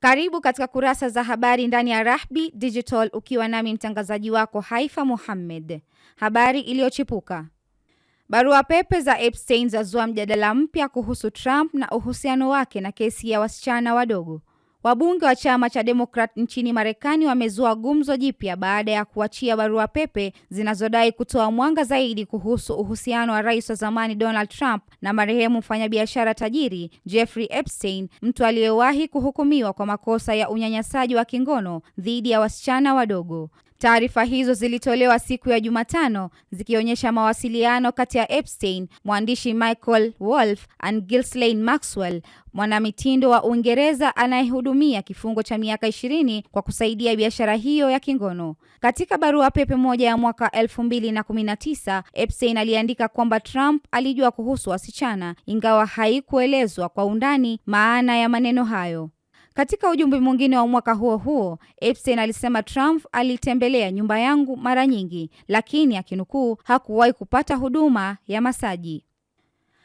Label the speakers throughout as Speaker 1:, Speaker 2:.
Speaker 1: Karibu katika kurasa za habari ndani ya Rahby Digital ukiwa nami mtangazaji wako Haifa muhammed Habari iliyochipuka. Barua pepe za Epstein zazua mjadala mpya kuhusu Trump na uhusiano wake na kesi ya wasichana wadogo. Wabunge wa chama cha Demokrat nchini Marekani wamezua gumzo jipya baada ya kuachia barua pepe zinazodai kutoa mwanga zaidi kuhusu uhusiano wa rais wa zamani Donald Trump na marehemu mfanyabiashara tajiri Jeffrey Epstein, mtu aliyewahi kuhukumiwa kwa makosa ya unyanyasaji wa kingono dhidi ya wasichana wadogo. Taarifa hizo zilitolewa siku ya Jumatano zikionyesha mawasiliano kati ya Epstein, mwandishi Michael Wolff and Ghislaine Maxwell, mwanamitindo wa Uingereza anayehudumia kifungo cha miaka ishirini kwa kusaidia biashara hiyo ya kingono. Katika barua pepe moja ya mwaka elfu mbili na kumi na tisa, Epstein aliandika kwamba Trump alijua kuhusu wasichana, ingawa haikuelezwa kwa undani maana ya maneno hayo. Katika ujumbe mwingine wa mwaka huo huo, Epstein alisema Trump alitembelea nyumba yangu mara nyingi, lakini akinukuu, hakuwahi kupata huduma ya masaji.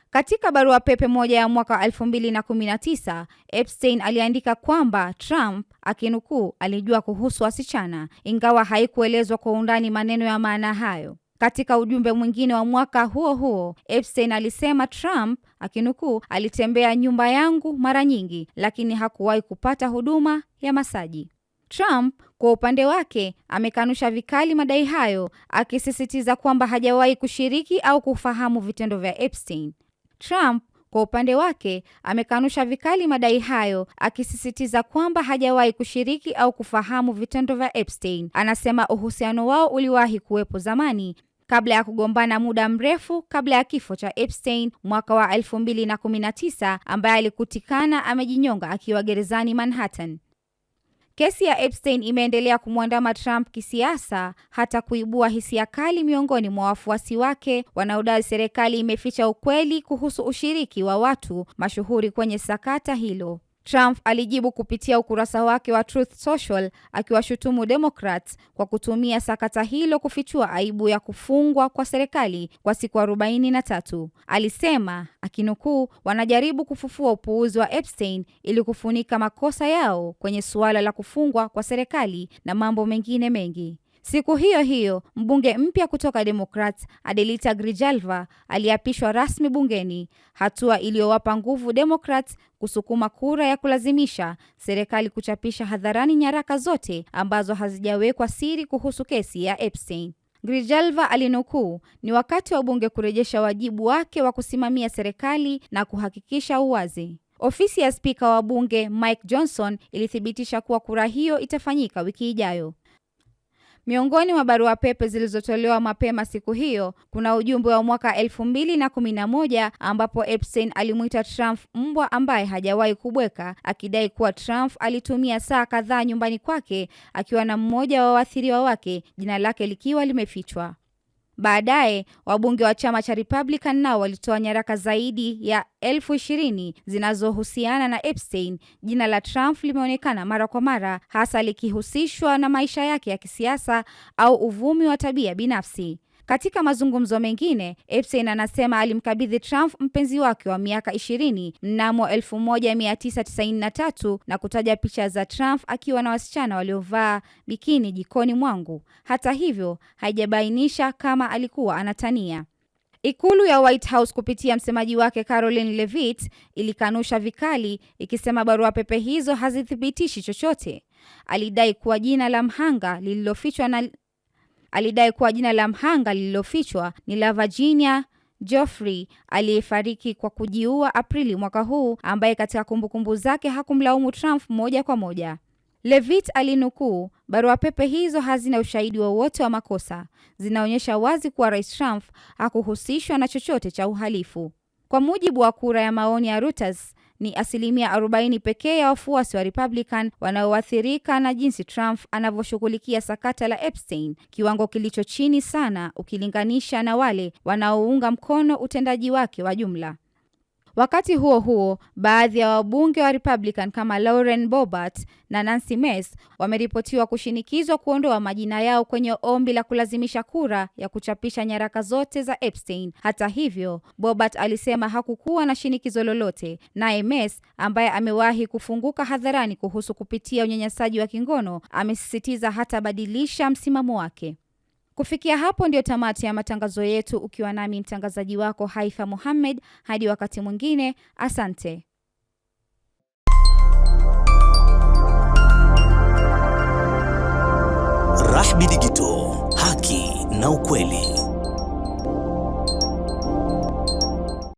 Speaker 1: Katika barua pepe moja ya mwaka 2019, Epstein aliandika kwamba Trump akinukuu, alijua kuhusu wasichana, ingawa haikuelezwa kwa undani maneno ya maana hayo. Katika ujumbe mwingine wa mwaka huo huo, Epstein alisema Trump akinukuu, alitembea nyumba yangu mara nyingi, lakini hakuwahi kupata huduma ya masaji. Trump kwa upande wake amekanusha vikali madai hayo, akisisitiza kwamba hajawahi kushiriki au kufahamu vitendo vya Epstein. Trump kwa upande wake, amekanusha vikali madai hayo, akisisitiza kwamba hajawahi kushiriki au kufahamu vitendo vya Epstein. Anasema uhusiano wao uliwahi kuwepo zamani kabla ya kugombana muda mrefu kabla ya kifo cha Epstein mwaka wa 2019 ambaye alikutikana amejinyonga akiwa gerezani Manhattan. Kesi ya Epstein imeendelea kumwandama Trump kisiasa hata kuibua hisia kali miongoni mwa wafuasi wake wanaodai serikali imeficha ukweli kuhusu ushiriki wa watu mashuhuri kwenye sakata hilo. Trump alijibu kupitia ukurasa wake wa Truth Social akiwashutumu Democrats kwa kutumia sakata hilo kufichua aibu ya kufungwa kwa serikali kwa siku arobaini na tatu. Alisema akinukuu, wanajaribu kufufua upuuzi wa Epstein ili kufunika makosa yao kwenye suala la kufungwa kwa serikali na mambo mengine mengi. Siku hiyo hiyo mbunge mpya kutoka Democrat Adelita Grijalva aliapishwa rasmi bungeni, hatua iliyowapa nguvu Democrat kusukuma kura ya kulazimisha serikali kuchapisha hadharani nyaraka zote ambazo hazijawekwa siri kuhusu kesi ya Epstein. Grijalva alinukuu, ni wakati wa bunge kurejesha wajibu wake wa kusimamia serikali na kuhakikisha uwazi. Ofisi ya spika wa bunge Mike Johnson ilithibitisha kuwa kura hiyo itafanyika wiki ijayo. Miongoni mwa barua pepe zilizotolewa mapema siku hiyo kuna ujumbe wa mwaka elfu mbili na kumi na moja ambapo Epstein alimwita Trump mbwa ambaye hajawahi kubweka, akidai kuwa Trump alitumia saa kadhaa nyumbani kwake akiwa na mmoja wa waathiriwa wake, jina lake likiwa limefichwa. Baadaye wabunge wa chama cha Republican nao walitoa nyaraka zaidi ya elfu ishirini zinazohusiana na Epstein. Jina la Trump limeonekana mara kwa mara, hasa likihusishwa na maisha yake ya kisiasa au uvumi wa tabia binafsi. Katika mazungumzo mengine, Epstein anasema alimkabidhi Trump mpenzi wake wa miaka ishirini mnamo 1993 na kutaja picha za Trump akiwa na wasichana waliovaa bikini jikoni mwangu. Hata hivyo, haijabainisha kama alikuwa anatania. Ikulu ya White House kupitia msemaji wake Caroline Levitt ilikanusha vikali, ikisema barua pepe hizo hazithibitishi chochote. Alidai kuwa jina la mhanga lililofichwa na alidai kuwa jina la mhanga lililofichwa ni la Virginia Joffrey aliyefariki kwa kujiua Aprili mwaka huu, ambaye katika kumbukumbu zake hakumlaumu Trump moja kwa moja. Levitt alinukuu, barua pepe hizo hazina ushahidi wowote wa, wa makosa, zinaonyesha wazi kuwa Rais Trump hakuhusishwa na chochote cha uhalifu. Kwa mujibu wa kura ya maoni ya Reuters, ni asilimia 40 pekee ya wafuasi wa Republican wanaoathirika na jinsi Trump anavyoshughulikia sakata la Epstein, kiwango kilicho chini sana ukilinganisha na wale wanaounga mkono utendaji wake wa jumla. Wakati huo huo, baadhi ya wabunge wa Republican kama Lauren bobart na Nancy Mace wameripotiwa kushinikizwa kuondoa majina yao kwenye ombi la kulazimisha kura ya kuchapisha nyaraka zote za Epstein. Hata hivyo, bobart alisema hakukuwa na shinikizo lolote, naye Mace ambaye amewahi kufunguka hadharani kuhusu kupitia unyanyasaji wa kingono amesisitiza hatabadilisha msimamo wake. Kufikia hapo ndio tamati ya matangazo yetu, ukiwa nami mtangazaji wako Haifa muhammed Hadi wakati mwingine, asante. Rahby Digital, haki na ukweli.